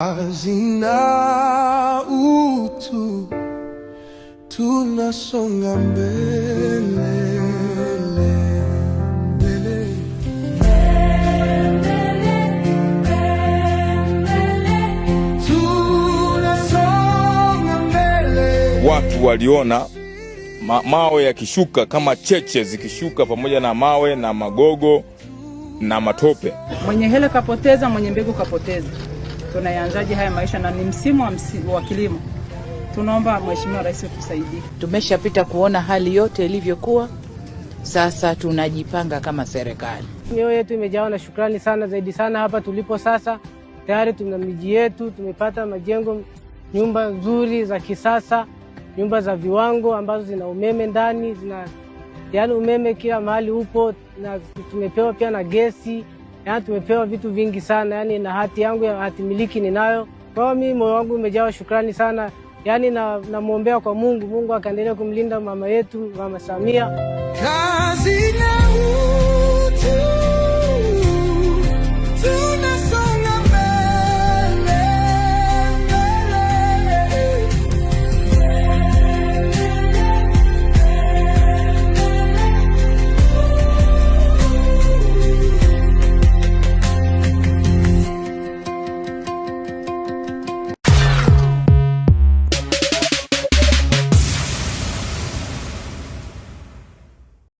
hazina utu, tunasonga mbele watu waliona ma mawe yakishuka kama cheche zikishuka pamoja na mawe na magogo na matope. Mwenye hela kapoteza, mwenye mbegu kapoteza tunayanzaji haya maisha, na ni msimu wa, wa kilimo. Tunaomba Mheshimiwa Rais tusaidie. Tumeshapita kuona hali yote ilivyokuwa, sasa tunajipanga kama serikali. Mioyo yetu imejawa na shukrani sana zaidi sana. Hapa tulipo sasa, tayari tuna miji yetu, tumepata majengo, nyumba nzuri za kisasa, nyumba za viwango ambazo zina umeme ndani, zina yaani umeme kila mahali upo, na tumepewa pia na gesi yaani tumepewa vitu vingi sana yani na hati yangu ya hati miliki ninayo. Kwa hiyo mimi moyo wangu umejawa shukrani sana yaani, namwombea na kwa Mungu, Mungu akaendelea kumlinda mama yetu, mama Samia Kazina.